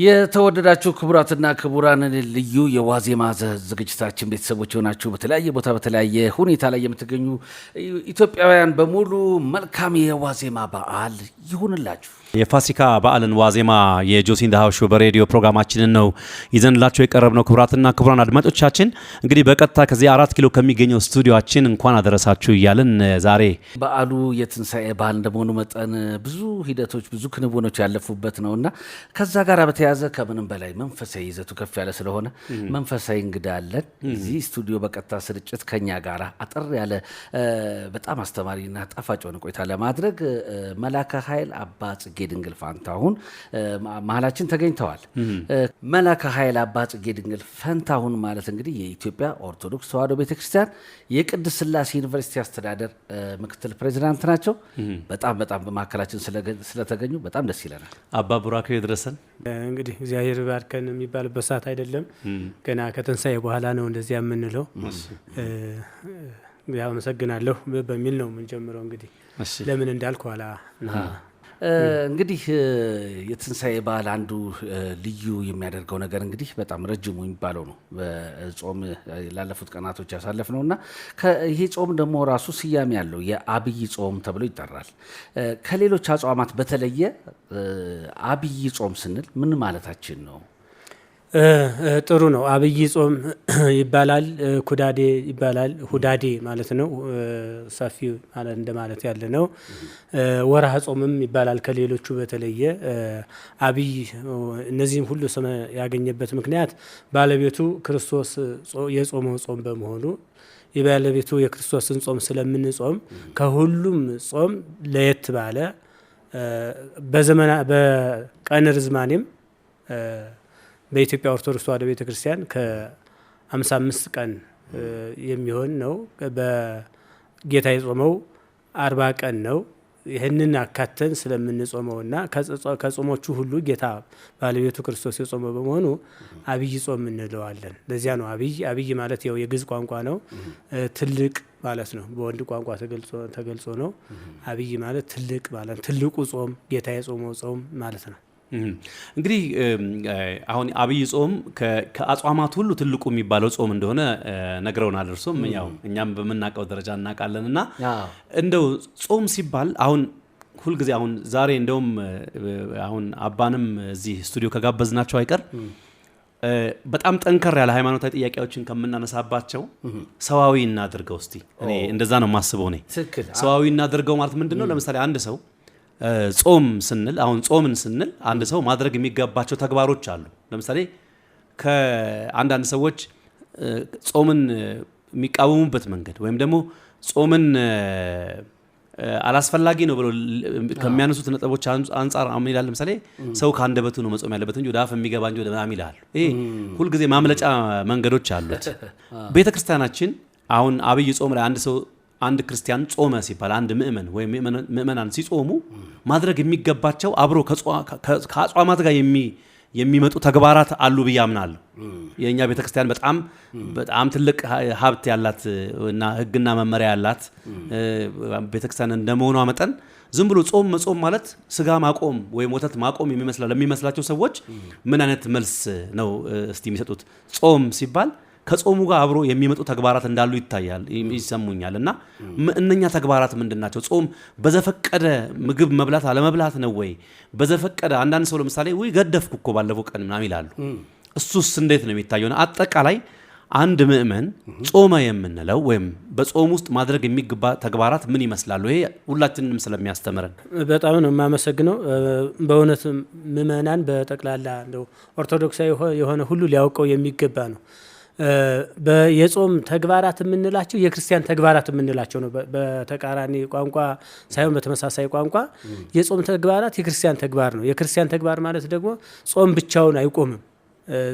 የተወደዳችሁ ክቡራትና ክቡራን ልዩ የዋዜማ ዝግጅታችን ቤተሰቦች የሆናችሁ በተለያየ ቦታ በተለያየ ሁኔታ ላይ የምትገኙ ኢትዮጵያውያን በሙሉ መልካም የዋዜማ በዓል ይሁንላችሁ። የፋሲካ በዓልን ዋዜማ የጆሲን ዳሃሾ በሬዲዮ ፕሮግራማችንን ነው ይዘንላቸው የቀረብነው። ክቡራትና ክቡራን አድማጮቻችን እንግዲህ በቀጥታ ከዚህ አራት ኪሎ ከሚገኘው ስቱዲዮችን እንኳን አደረሳችሁ እያልን ዛሬ በዓሉ የትንሣኤ በዓል እንደመሆኑ መጠን ብዙ ሂደቶች፣ ብዙ ክንውኖች ያለፉበት ነው እና ከዛ ጋር በተያያዘ ከምንም በላይ መንፈሳዊ ይዘቱ ከፍ ያለ ስለሆነ መንፈሳዊ እንግዳ አለን እዚህ ስቱዲዮ በቀጥታ ስርጭት ከኛ ጋር አጠር ያለ በጣም አስተማሪና ጣፋጭ የሆነ ቆይታ ለማድረግ መላከ ኃይል አባ ጽጌ ድንግል ፋንታሁን መሀላችን ተገኝተዋል። መላከ ኃይል አባጽጌ ድንግል ፈንታሁን ማለት እንግዲህ የኢትዮጵያ ኦርቶዶክስ ተዋሕዶ ቤተክርስቲያን የቅድስት ስላሴ ዩኒቨርሲቲ አስተዳደር ምክትል ፕሬዚዳንት ናቸው። በጣም በጣም በመካከላችን ስለተገኙ በጣም ደስ ይለናል። አባ ቡራኬ ይድረሰን። እንግዲህ እግዚአብሔር ባርከን የሚባልበት ሰዓት አይደለም። ገና ከተንሳኤ በኋላ ነው እንደዚህ የምንለው። አመሰግናለሁ በሚል ነው የምንጀምረው። እንግዲህ ለምን እንዳልኩ ኋላ እንግዲህ የትንሣኤ በዓል አንዱ ልዩ የሚያደርገው ነገር እንግዲህ በጣም ረጅሙ የሚባለው ነው። በጾም ላለፉት ቀናቶች ያሳለፍ ነው እና ይሄ ጾም ደግሞ ራሱ ስያሜ ያለው የአብይ ጾም ተብሎ ይጠራል። ከሌሎች አጽዋማት በተለየ አብይ ጾም ስንል ምን ማለታችን ነው? ጥሩ ነው። አብይ ጾም ይባላል ኩዳዴ ይባላል ሁዳዴ ማለት ነው። ሰፊ እንደማለት ያለ ነው። ወርሃ ጾምም ይባላል ከሌሎቹ በተለየ አብይ እነዚህም ሁሉ ስም ያገኘበት ምክንያት ባለቤቱ ክርስቶስ የጾመው ጾም በመሆኑ የባለቤቱ የክርስቶስን ጾም ስለምንጾም ከሁሉም ጾም ለየት ባለ በዘመና በቀን ርዝማኔም በኢትዮጵያ ኦርቶዶክስ ተዋሕዶ ቤተ ክርስቲያን ከ55 ቀን የሚሆን ነው። በጌታ የጾመው አርባ ቀን ነው። ይህንን አካተን ስለምንጾመውና ከጾሞቹ ሁሉ ጌታ ባለቤቱ ክርስቶስ የጾመው በመሆኑ አብይ ጾም እንለዋለን። ለዚያ ነው አብይ አብይ ማለት ያው የግዕዝ ቋንቋ ነው፣ ትልቅ ማለት ነው። በወንድ ቋንቋ ተገልጾ ነው። አብይ ማለት ትልቅ ማለት ትልቁ ጾም ጌታ የጾመው ጾም ማለት ነው። እንግዲህ አሁን አብይ ጾም ከአጽዋማት ሁሉ ትልቁ የሚባለው ጾም እንደሆነ ነግረውናል። እርሱም ያው እኛም በምናውቀው ደረጃ እናውቃለን። እና እንደው ጾም ሲባል አሁን ሁልጊዜ አሁን ዛሬ እንደውም አሁን አባንም እዚህ ስቱዲዮ ከጋበዝናቸው አይቀር በጣም ጠንከር ያለ ሃይማኖታዊ ጥያቄዎችን ከምናነሳባቸው ሰዋዊ እናድርገው እስቲ። እኔ እንደዛ ነው የማስበው። እኔ ሰዋዊ እናድርገው ማለት ምንድን ነው? ለምሳሌ አንድ ሰው ጾም ስንል አሁን ጾምን ስንል አንድ ሰው ማድረግ የሚገባቸው ተግባሮች አሉ። ለምሳሌ ከአንዳንድ ሰዎች ጾምን የሚቃወሙበት መንገድ ወይም ደግሞ ጾምን አላስፈላጊ ነው ብሎ ከሚያነሱት ነጥቦች አንጻር አሁን ይላል ለምሳሌ ሰው ከአንደበቱ ነው መጾም ያለበት እንጂ ወደ አፍ የሚገባ እንጂ ወደ ምናምን ይላሉ። ይሄ ሁልጊዜ ማምለጫ መንገዶች አሉት። ቤተ ክርስቲያናችን አሁን አብይ ጾም ላይ አንድ ሰው አንድ ክርስቲያን ጾመ ሲባል አንድ ምእመን ወይም ምእመናን ሲጾሙ ማድረግ የሚገባቸው አብሮ ከአጽዋማት ጋር የሚመጡ ተግባራት አሉ ብዬ አምናለሁ። የእኛ ቤተክርስቲያን በጣም በጣም ትልቅ ሀብት ያላት እና ሕግና መመሪያ ያላት ቤተክርስቲያን እንደመሆኗ መጠን ዝም ብሎ ጾም መጾም ማለት ስጋ ማቆም ወይም ወተት ማቆም ለሚመስላቸው ሰዎች ምን አይነት መልስ ነው እስቲ የሚሰጡት? ጾም ሲባል ከጾሙ ጋር አብሮ የሚመጡ ተግባራት እንዳሉ ይታያል ይሰሙኛል። እና እነኛ ተግባራት ምንድን ናቸው? ጾም በዘፈቀደ ምግብ መብላት አለመብላት ነው ወይ? በዘፈቀደ አንዳንድ ሰው ለምሳሌ ውይ ገደፍኩ እኮ ባለፈው ቀን ምናምን ይላሉ። እሱስ እንዴት ነው የሚታየው? አጠቃላይ አንድ ምእመን ጾመ የምንለው ወይም በጾም ውስጥ ማድረግ የሚገባ ተግባራት ምን ይመስላሉ? ይሄ ሁላችንንም ስለሚያስተምረን በጣም ነው የማመሰግነው። በእውነት ምእመናን በጠቅላላ ኦርቶዶክሳዊ የሆነ ሁሉ ሊያውቀው የሚገባ ነው። የጾም ተግባራት የምንላቸው የክርስቲያን ተግባራት የምንላቸው ነው። በተቃራኒ ቋንቋ ሳይሆን በተመሳሳይ ቋንቋ የጾም ተግባራት የክርስቲያን ተግባር ነው። የክርስቲያን ተግባር ማለት ደግሞ ጾም ብቻውን አይቆምም።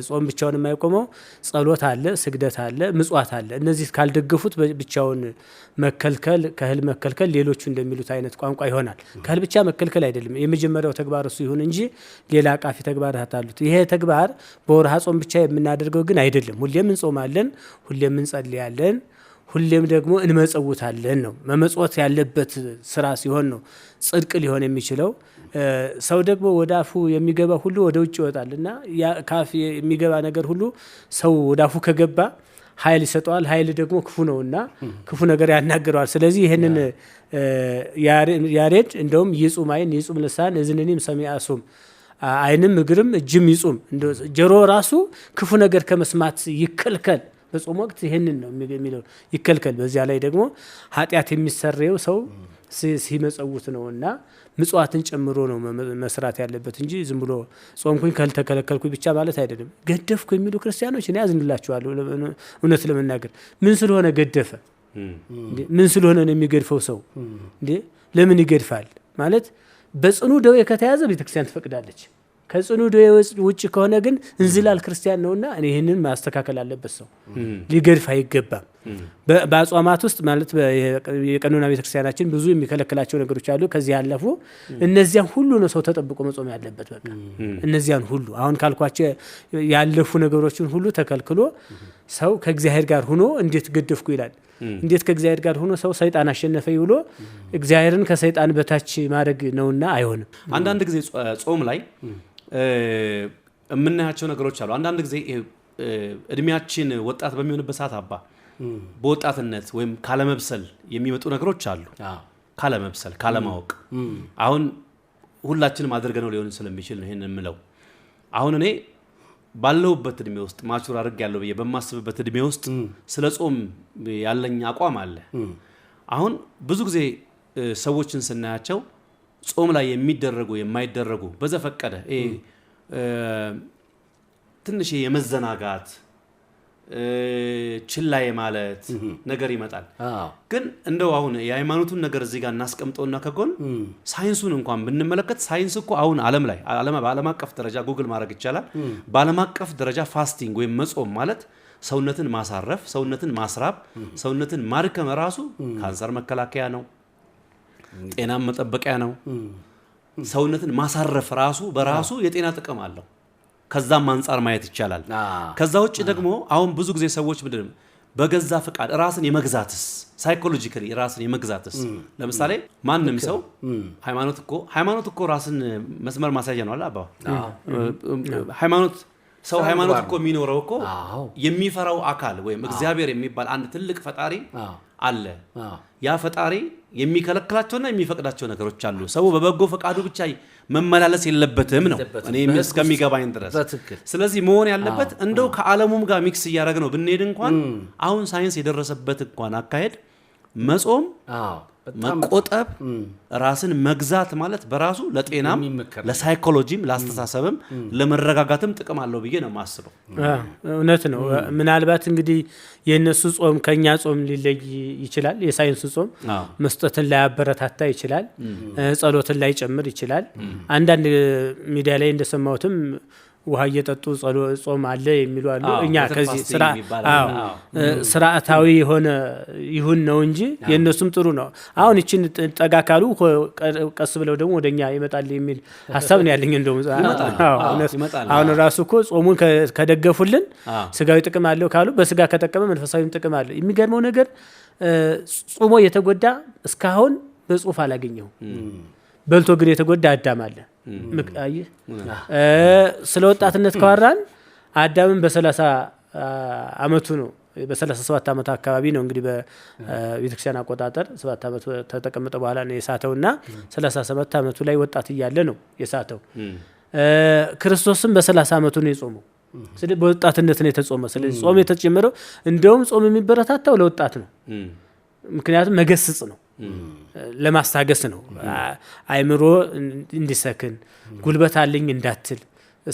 ጾም ብቻውን የማይቆመው ጸሎት አለ፣ ስግደት አለ፣ ምጽዋት አለ። እነዚህ ካልደገፉት ብቻውን መከልከል ከእህል መከልከል ሌሎቹ እንደሚሉት አይነት ቋንቋ ይሆናል። ከእህል ብቻ መከልከል አይደለም የመጀመሪያው ተግባር እሱ ይሁን እንጂ ሌላ አቃፊ ተግባራት አሉት። ይሄ ተግባር በወርሃ ጾም ብቻ የምናደርገው ግን አይደለም። ሁሌም እንጾማለን፣ ሁሌም እንጸልያለን፣ ሁሌም ደግሞ እንመጸውታለን ነው። መመጽወት ያለበት ስራ ሲሆን ነው ጽድቅ ሊሆን የሚችለው። ሰው ደግሞ ወደ አፉ የሚገባ ሁሉ ወደ ውጭ ይወጣል እና ከአፍ የሚገባ ነገር ሁሉ ሰው ወደ አፉ ከገባ ኃይል ይሰጠዋል። ኃይል ደግሞ ክፉ ነው እና ክፉ ነገር ያናግረዋል። ስለዚህ ይህንን ያሬድ እንደውም ይጹም አይን ይጹም ልሳን እዝንኒም ሰሚዐ ሱም አይንም እግርም እጅም ይጹም፣ ጆሮ ራሱ ክፉ ነገር ከመስማት ይከልከል። በጾም ወቅት ይህንን ነው የሚለው ይከልከል። በዚያ ላይ ደግሞ ኃጢአት የሚሰረየው ሰው ሲመጸውት ነው እና ምጽዋትን ጨምሮ ነው መስራት ያለበት እንጂ ዝም ብሎ ጾምኩኝ ከልተከለከልኩኝ ብቻ ማለት አይደለም። ገደፍኩ የሚሉ ክርስቲያኖች እኔ ያዝንላቸዋለሁ። እውነት ለመናገር ምን ስለሆነ ገደፈ? ምን ስለሆነ ነው የሚገድፈው ሰው እንዴ? ለምን ይገድፋል? ማለት በጽኑ ደዌ ከተያዘ ቤተክርስቲያን ትፈቅዳለች። ከጽኑ ደዌ ውጭ ከሆነ ግን እንዝላል ክርስቲያን ነውና ይህንን ማስተካከል አለበት። ሰው ሊገድፍ አይገባም። በአጽዋማት ውስጥ ማለት የቀኖና ቤተክርስቲያናችን ብዙ የሚከለክላቸው ነገሮች አሉ። ከዚህ ያለፉ እነዚያን ሁሉ ነው ሰው ተጠብቆ መጾም ያለበት። በቃ እነዚያን ሁሉ አሁን ካልኳቸው ያለፉ ነገሮችን ሁሉ ተከልክሎ ሰው ከእግዚአብሔር ጋር ሆኖ እንዴት ገደፍኩ ይላል። እንዴት ከእግዚአብሔር ጋር ሆኖ ሰው ሰይጣን አሸነፈ ብሎ እግዚአብሔርን ከሰይጣን በታች ማድረግ ነውና አይሆንም። አንዳንድ ጊዜ ጾም ላይ የምናያቸው ነገሮች አሉ። አንዳንድ ጊዜ እድሜያችን ወጣት በሚሆንበት ሰዓት አባ በወጣትነት ወይም ካለመብሰል የሚመጡ ነገሮች አሉ። ካለመብሰል፣ ካለማወቅ አሁን ሁላችንም አድርገነው ሊሆን ስለሚችል ነው ይህን የምለው። አሁን እኔ ባለሁበት እድሜ ውስጥ ማቹር አድርግ ያለው ብዬ በማስብበት እድሜ ውስጥ ስለ ጾም ያለኝ አቋም አለ። አሁን ብዙ ጊዜ ሰዎችን ስናያቸው ጾም ላይ የሚደረጉ የማይደረጉ በዘፈቀደ ትንሽ የመዘናጋት ችላ ማለት ነገር ይመጣል። ግን እንደው አሁን የሃይማኖቱን ነገር እዚህ ጋር እናስቀምጠውና ከጎን ሳይንሱን እንኳን ብንመለከት ሳይንስ እኮ አሁን ዓለም ላይ በዓለም አቀፍ ደረጃ ጉግል ማድረግ ይቻላል። በዓለም አቀፍ ደረጃ ፋስቲንግ ወይም መጾም ማለት ሰውነትን ማሳረፍ፣ ሰውነትን ማስራብ፣ ሰውነትን ማድከም ራሱ ካንሰር መከላከያ ነው፣ ጤናም መጠበቂያ ነው። ሰውነትን ማሳረፍ ራሱ በራሱ የጤና ጥቅም አለው። ከዛም አንጻር ማየት ይቻላል። ከዛ ውጭ ደግሞ አሁን ብዙ ጊዜ ሰዎች ምንድን በገዛ ፈቃድ ራስን የመግዛትስ ሳይኮሎጂካሊ ራስን የመግዛትስ ለምሳሌ ማንም ሰው ሃይማኖት እኮ ሃይማኖት እኮ ራስን መስመር ማሳያ ነው አለ አባ ሃይማኖት ሰው ሃይማኖት እኮ የሚኖረው እኮ የሚፈራው አካል ወይም እግዚአብሔር የሚባል አንድ ትልቅ ፈጣሪ አለ። ያ ፈጣሪ የሚከለክላቸውና የሚፈቅዳቸው ነገሮች አሉ። ሰው በበጎ ፈቃዱ ብቻ መመላለስ የለበትም ነው እኔ እስከሚገባኝ ድረስ። ስለዚህ መሆን ያለበት እንደው ከዓለሙም ጋር ሚክስ እያደረግ ነው ብንሄድ እንኳን አሁን ሳይንስ የደረሰበት እንኳን አካሄድ መጾም መቆጠብ ራስን መግዛት ማለት በራሱ ለጤናም ለሳይኮሎጂም ለአስተሳሰብም ለመረጋጋትም ጥቅም አለው ብዬ ነው የማስበው። እውነት ነው። ምናልባት እንግዲህ የእነሱ ጾም ከእኛ ጾም ሊለይ ይችላል። የሳይንሱ ጾም መስጠትን ላያበረታታ ይችላል፣ ጸሎትን ላይጨምር ይችላል። አንዳንድ ሚዲያ ላይ እንደሰማሁትም ውሃ እየጠጡ ጾም አለ የሚሉ አሉ። እኛ ከዚህ ስርአታዊ የሆነ ይሁን ነው እንጂ የእነሱም ጥሩ ነው። አሁን ይችን ጠጋ ካሉ ቀስ ብለው ደግሞ ወደ እኛ ይመጣል የሚል ሀሳብ ነው ያለኝ። እንደውም አሁን ራሱ እኮ ጾሙን ከደገፉልን ስጋዊ ጥቅም አለው ካሉ በስጋ ከጠቀመ መንፈሳዊም ጥቅም አለው። የሚገርመው ነገር ጾሞ የተጎዳ እስካሁን በጽሁፍ አላገኘሁም። በልቶ ግን የተጎዳ አዳም አለ። ምቃይ ስለ ወጣትነት ከዋራን አዳምን በሰላሳ አመቱ ነው በሰላሳ ሰባት አመት አካባቢ ነው እንግዲህ በቤተክርስቲያን አቆጣጠር ሰባት አመት ተቀምጠ በኋላ ነው የሳተው እና ሰላሳ ሰባት አመቱ ላይ ወጣት እያለ ነው የሳተው። ክርስቶስም በሰላሳ አመቱ ነው የጾመው። በወጣትነት ነው የተጾመ። ስለዚህ ጾም የተጨመረው እንደውም ጾም የሚበረታታው ለወጣት ነው። ምክንያቱም መገስጽ ነው ለማስታገስ ነው። አይምሮ እንዲሰክን ጉልበት አለኝ እንዳትል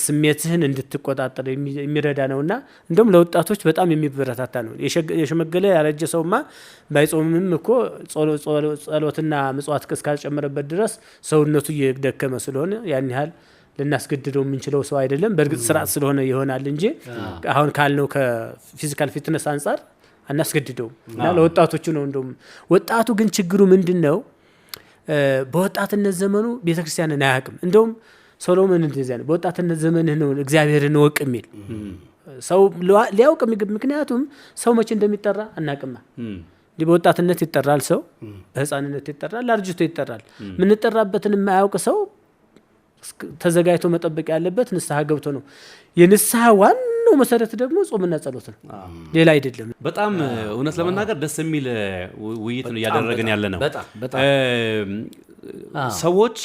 ስሜትህን እንድትቆጣጠር የሚረዳ ነው እና እንደም ለወጣቶች በጣም የሚበረታታ ነው። የሸመገለ ያረጀ ሰውማ ባይጾምም እኮ ጸሎትና ምጽዋት እስካልጨመረበት ድረስ ሰውነቱ እየደከመ ስለሆነ ያን ያህል ልናስገድደው የምንችለው ሰው አይደለም። በእርግጥ ስርዓት ስለሆነ ይሆናል እንጂ አሁን ካልነው ከፊዚካል ፊትነስ አንጻር አናስገድደውም እና ለወጣቶቹ ነው። እንደም ወጣቱ ግን ችግሩ ምንድን ነው? በወጣትነት ዘመኑ ቤተክርስቲያንን አያቅም እንደውም ሶሎሞን እንደዚያ ነው። በወጣትነት ዘመንህ ነው እግዚአብሔርን ወቅ የሚል ሰው ሊያውቅ የሚገብ ምክንያቱም ሰው መቼ እንደሚጠራ አናቅማ። እንዲህ በወጣትነት ይጠራል ሰው፣ በህፃንነት ይጠራል፣ አርጅቶ ይጠራል። የምንጠራበትን የማያውቅ ሰው ተዘጋጅቶ መጠበቅ ያለበት ንስሐ ገብቶ ነው። የንስሐ ዋና ዋናው መሰረት ደግሞ ጾምና ጸሎት ነው፣ ሌላ አይደለም። በጣም እውነት ለመናገር ደስ የሚል ውይይት ነው እያደረግን ያለ ነው። ሰዎች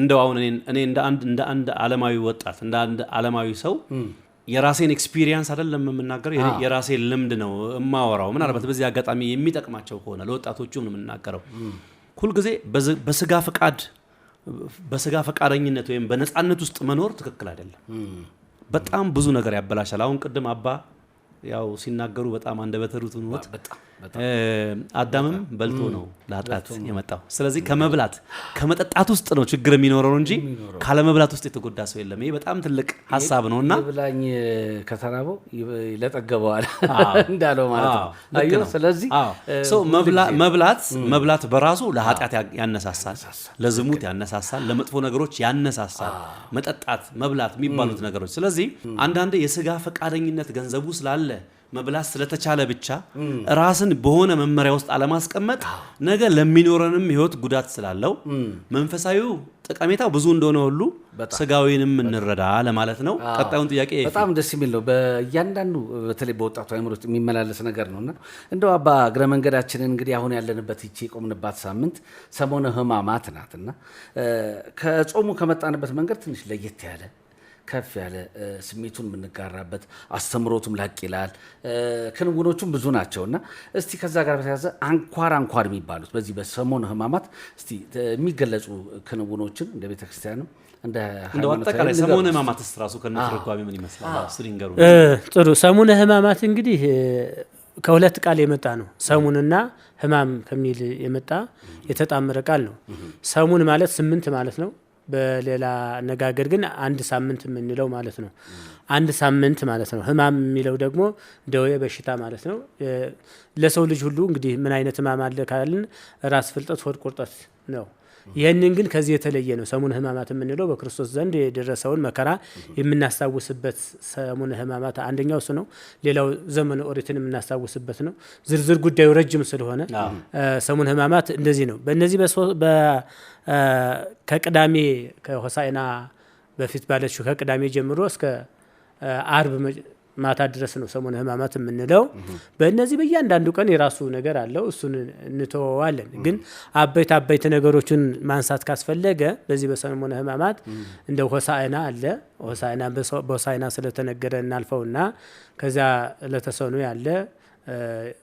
እንደው አሁን እኔ እንደ አንድ ዓለማዊ ወጣት እንደ አንድ ዓለማዊ ሰው የራሴን ኤክስፒሪየንስ አይደለም የምናገረው፣ የራሴን ልምድ ነው የማወራው። ምናልባት በዚህ አጋጣሚ የሚጠቅማቸው ከሆነ ለወጣቶቹም ነው የምናገረው። ሁልጊዜ በስጋ ፈቃድ በስጋ ፈቃደኝነት ወይም በነፃነት ውስጥ መኖር ትክክል አይደለም። በጣም ብዙ ነገር ያበላሻል። አሁን ቅድም አባ ያው ሲናገሩ በጣም አንደበተሩት ርቱዕ ሆኖት አዳምም በልቶ ነው ለኃጢአት የመጣው። ስለዚህ ከመብላት ከመጠጣት ውስጥ ነው ችግር የሚኖረው እንጂ ካለመብላት ውስጥ የተጎዳ ሰው የለም። ይሄ በጣም ትልቅ ሀሳብ ነው እና ብላኝ ከተራበው ለጠገበዋል እንዳለው ማለት ነው። ስለዚህ መብላት መብላት በራሱ ለኃጢአት ያነሳሳል፣ ለዝሙት ያነሳሳል፣ ለመጥፎ ነገሮች ያነሳሳል። መጠጣት፣ መብላት የሚባሉት ነገሮች ስለዚህ አንዳንዴ የስጋ ፈቃደኝነት ገንዘቡ ስላለ መብላት ስለተቻለ ብቻ ራስን በሆነ መመሪያ ውስጥ አለማስቀመጥ ነገ ለሚኖረንም ህይወት ጉዳት ስላለው መንፈሳዊ ጠቀሜታው ብዙ እንደሆነ ሁሉ ስጋዊንም እንረዳ ለማለት ነው። ቀጣዩን ጥያቄ በጣም ደስ የሚል ነው። በእያንዳንዱ በተለይ በወጣቱ አይምሮት የሚመላለስ ነገር ነው እና እንደው አባ እግረ መንገዳችንን እንግዲህ አሁን ያለንበት ይቺ የቆምንባት ሳምንት ሰሞነ ህማማት ናት እና ከጾሙ ከመጣንበት መንገድ ትንሽ ለየት ያለ ከፍ ያለ ስሜቱን የምንጋራበት አስተምሮቱም ላቅ ይላል። ክንውኖቹም ብዙ ናቸው እና እስቲ ከዛ ጋር በተያዘ አንኳር አንኳር የሚባሉት በዚህ በሰሞኑ ሕማማት እስቲ የሚገለጹ ክንውኖችን እንደ ቤተ ክርስቲያንም ሕማማት ከነትርጓሜ ምን ይመስላል? ጥሩ ሰሙነ ሕማማት እንግዲህ ከሁለት ቃል የመጣ ነው። ሰሙንና ሕማም ከሚል የመጣ የተጣመረ ቃል ነው። ሰሙን ማለት ስምንት ማለት ነው። በሌላ አነጋገር ግን አንድ ሳምንት የምንለው ማለት ነው። አንድ ሳምንት ማለት ነው። ህማም የሚለው ደግሞ ደዌ በሽታ ማለት ነው። ለሰው ልጅ ሁሉ እንግዲህ ምን አይነት ህማም አለ ካልን ራስ ፍልጠት፣ ሆድ ቁርጠት ነው። ይህንን ግን ከዚህ የተለየ ነው። ሰሙነ ሕማማት የምንለው በክርስቶስ ዘንድ የደረሰውን መከራ የምናስታውስበት ሰሙነ ሕማማት አንደኛው እሱ ነው። ሌላው ዘመነ ኦሪትን የምናስታውስበት ነው። ዝርዝር ጉዳዩ ረጅም ስለሆነ ሰሙነ ሕማማት እንደዚህ ነው። በእነዚህ ከቅዳሜ ከሆሳዕና በፊት ባለችው ከቅዳሜ ጀምሮ እስከ አርብ ማታ ድረስ ነው ሰሞነ ህማማት የምንለው። በእነዚህ በእያንዳንዱ ቀን የራሱ ነገር አለው፣ እሱን እንተወዋለን። ግን አበይት አበይት ነገሮችን ማንሳት ካስፈለገ በዚህ በሰሞነ ህማማት እንደ ሆሳይና አለ። ሆሳይና በሆሳይና ስለተነገረ እናልፈውና ከዚያ ለተሰኑ ያለ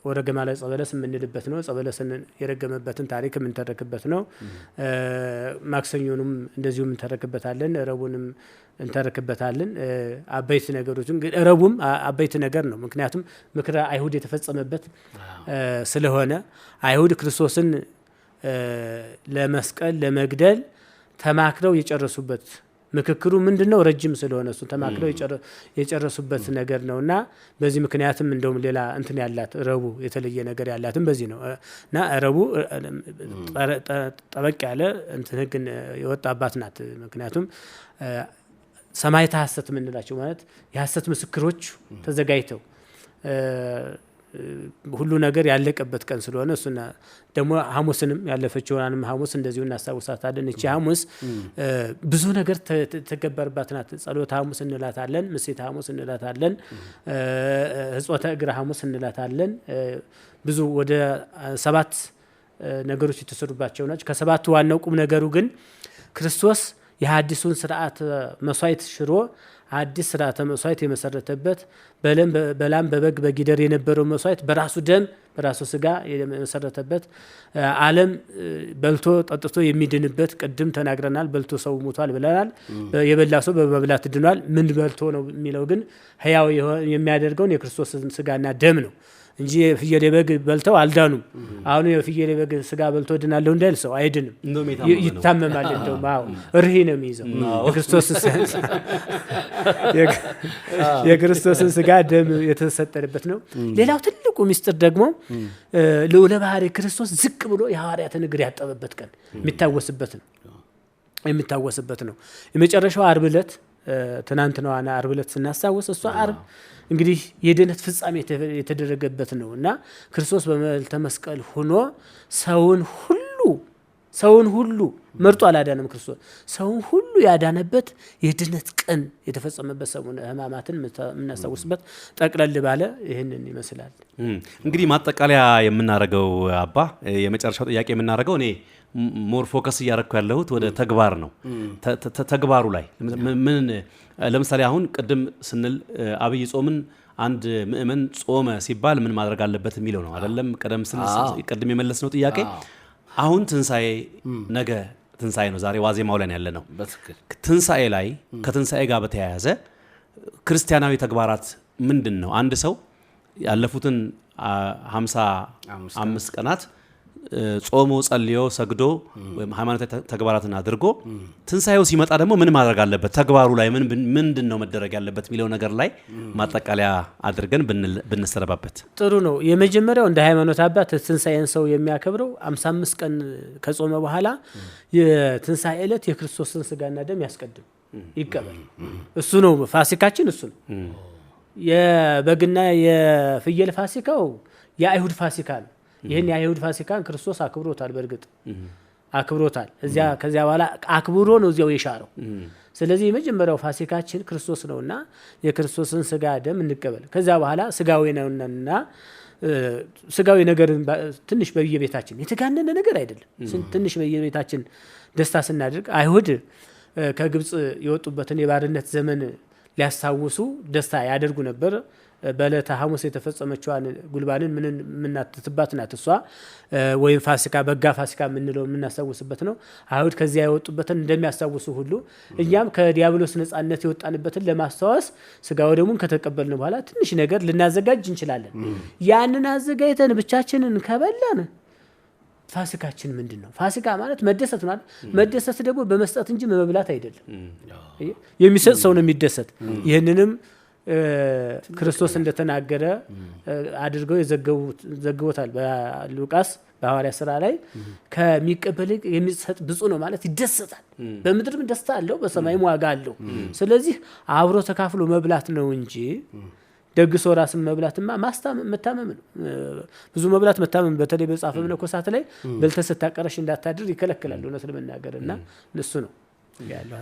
ወረገ ማለት ጸበለስ የምንልበት ነው። ጸበለስን የረገመበትን ታሪክ የምንተረክበት ነው። ማክሰኞንም እንደዚሁ የምንተረክበታለን። ረቡንም እንተረክበታለን። አበይት ነገሮችን ረቡም አበይት ነገር ነው። ምክንያቱም ምክረ አይሁድ የተፈጸመበት ስለሆነ አይሁድ ክርስቶስን ለመስቀል ለመግደል ተማክረው የጨረሱበት ምክክሩ ምንድን ነው? ረጅም ስለሆነ እሱ ተማክለው የጨረሱበት ነገር ነው እና በዚህ ምክንያትም እንደውም ሌላ እንትን ያላት ረቡ የተለየ ነገር ያላትም በዚህ ነው እና ረቡ ጠበቅ ያለ እንትን ህግን የወጣባት ናት። ምክንያቱም ሰማይታ ሀሰት የምንላቸው ማለት የሀሰት ምስክሮች ተዘጋጅተው ሁሉ ነገር ያለቀበት ቀን ስለሆነ እሱ ደግሞ ሐሙስንም ያለፈችውንም ሐሙስ እንደዚሁ እናስታውሳታለን። እቺ ሐሙስ ብዙ ነገር ተገበርባት ናት። ጸሎት ሐሙስ እንላታለን፣ ምሴት ሐሙስ እንላታለን፣ ሕጽወተ እግር ሐሙስ እንላታለን። ብዙ ወደ ሰባት ነገሮች የተሰሩባቸው ናቸው። ከሰባቱ ዋናው ቁም ነገሩ ግን ክርስቶስ የሐዲሱን ስርዓት መስዋዕት ሽሮ አዲስ ስርዓተ መስዋዕት የመሰረተበት በላም በበግ በጊደር የነበረው መስዋዕት በራሱ ደም በራሱ ስጋ የመሰረተበት ዓለም በልቶ ጠጥቶ የሚድንበት ቅድም ተናግረናል። በልቶ ሰው ሙቷል ብለናል። የበላ ሰው በመብላት ድኗል። ምን በልቶ ነው የሚለው ግን ህያው የሚያደርገውን የክርስቶስ ስጋና ደም ነው። እንጂ የፍየል የበግ በልተው አልዳኑም። አሁን የፍየል የበግ ስጋ በልቶ ድናለሁ እንዳይል ሰው አይድንም፣ ይታመማል። እንደውም አዎ እርሂ ነው የሚይዘው። የክርስቶስን ስጋ ደም የተሰጠንበት ነው። ሌላው ትልቁ ምስጢር ደግሞ ልዑለ ባህሪ ክርስቶስ ዝቅ ብሎ የሐዋርያትን እግር ያጠበበት ቀን የሚታወስበት ነው የሚታወስበት ነው። የመጨረሻው አርብ ዕለት ትናንትናዋን አርብ ዕለት ስናስታውስ እሷ አርብ እንግዲህ የድህነት ፍጻሜ የተደረገበት ነው እና ክርስቶስ በመልተመስቀል ሆኖ ሰውን ሁሉ ሰውን ሁሉ መርጦ አላዳነም። ክርስቶስ ሰውን ሁሉ ያዳነበት የድነት ቀን የተፈጸመበት ሰሙነ ሕማማትን የምናስታውስበት ጠቅለል ባለ ይህንን ይመስላል። እንግዲህ ማጠቃለያ የምናደርገው አባ፣ የመጨረሻው ጥያቄ የምናደርገው እኔ ሞር ፎከስ እያደረግኩ ያለሁት ወደ ተግባር ነው። ተግባሩ ላይ ምን ለምሳሌ አሁን ቅድም ስንል አብይ ጾምን አንድ ምእመን ጾመ ሲባል ምን ማድረግ አለበት የሚለው ነው አይደለም። ቀደም ስል ቅድም የመለስ ነው ጥያቄ አሁን ትንሣኤ ነገ ትንሣኤ ነው። ዛሬ ዋዜማው ላይ ያለ ነው። ትንሣኤ ላይ ከትንሣኤ ጋር በተያያዘ ክርስቲያናዊ ተግባራት ምንድን ነው? አንድ ሰው ያለፉትን ሃምሳ አምስት ቀናት ጾሞ ጸልዮ ሰግዶ ወይም ሃይማኖታዊ ተግባራትን አድርጎ ትንሣኤው ሲመጣ ደግሞ ምን ማድረግ አለበት፣ ተግባሩ ላይ ምንድን ነው መደረግ ያለበት የሚለው ነገር ላይ ማጠቃለያ አድርገን ብንሰረባበት ጥሩ ነው። የመጀመሪያው እንደ ሃይማኖት አባት ትንሣኤን ሰው የሚያከብረው አምሳ አምስት ቀን ከጾመ በኋላ የትንሣኤ ዕለት የክርስቶስን ስጋና ደም ያስቀድም ይቀበል። እሱ ነው ፋሲካችን፣ እሱ ነው የበግና የፍየል ፋሲካው የአይሁድ ፋሲካ ነው። ይህን የአይሁድ ፋሲካን ክርስቶስ አክብሮታል። በእርግጥ አክብሮታል። እዚያ ከዚያ በኋላ አክብሮ ነው እዚያው የሻረው። ስለዚህ የመጀመሪያው ፋሲካችን ክርስቶስ ነውና የክርስቶስን ስጋ ደም እንቀበል። ከዚያ በኋላ ስጋዊ ነውና ስጋዊ ነገርን ትንሽ በየቤታችን የተጋነነ ነገር አይደለም። ትንሽ በየቤታችን ደስታ ስናደርግ አይሁድ ከግብፅ የወጡበትን የባርነት ዘመን ሊያስታውሱ ደስታ ያደርጉ ነበር። በዕለተ ሐሙስ የተፈጸመችዋን ጉልባንን ምን የምናትትባት ናት እሷ ወይም ፋሲካ በጋ ፋሲካ የምንለው የምናስታውስበት ነው። አይሁድ ከዚያ የወጡበትን እንደሚያስታውሱ ሁሉ እኛም ከዲያብሎስ ነፃነት የወጣንበትን ለማስታወስ ስጋ ወደሙን ከተቀበልን በኋላ ትንሽ ነገር ልናዘጋጅ እንችላለን። ያንን አዘጋጅተን ብቻችንን ከበላን ፋሲካችን ምንድን ነው? ፋሲካ ማለት መደሰት ማለት መደሰት ደግሞ በመስጠት እንጂ በመብላት አይደለም። የሚሰጥ ሰው ነው የሚደሰት። ይህንንም ክርስቶስ እንደተናገረ አድርገው የዘግቦታል። በሉቃስ በሐዋርያ ስራ ላይ ከሚቀበል የሚሰጥ ብፁ ነው ማለት ይደሰታል። በምድርም ደስታ አለው፣ በሰማይም ዋጋ አለው። ስለዚህ አብሮ ተካፍሎ መብላት ነው እንጂ ደግሶ ራስን መብላትማ ማስታመም መታመም ነው። ብዙ መብላት መታመም፣ በተለይ በጻፈ መነኮሳት ላይ በልተህ ስታቀረሽ እንዳታድር ይከለክላል። እውነት ለመናገር እና እሱ ነው ያለው።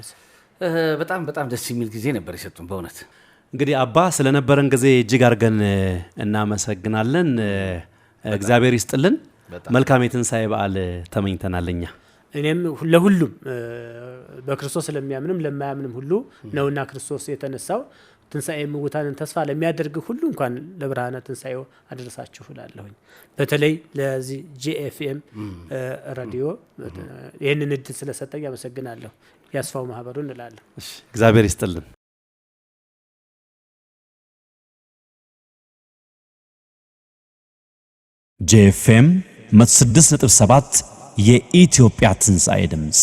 በጣም በጣም ደስ የሚል ጊዜ ነበር የሰጡን በእውነት እንግዲህ አባ ስለነበረን ጊዜ እጅግ አድርገን እናመሰግናለን። እግዚአብሔር ይስጥልን። መልካም የትንሣኤ በዓል ተመኝተናል። እኛ እኔም ለሁሉም በክርስቶስ ለሚያምንም ለማያምንም ሁሉ ነውና ክርስቶስ የተነሳው ትንሣኤ ምውታንን ተስፋ ለሚያደርግ ሁሉ እንኳን ለብርሃነ ትንሣኤው አደረሳችሁ እላለሁኝ። በተለይ ለዚህ ጂኤፍኤም ሬዲዮ ይህንን እድል ስለሰጠኝ ያመሰግናለሁ። ያስፋው ማህበሩን እላለሁ። እግዚአብሔር ይስጥልን። ጄኤፍኤም 106.7 የኢትዮጵያ ትንሣኤ ድምፅ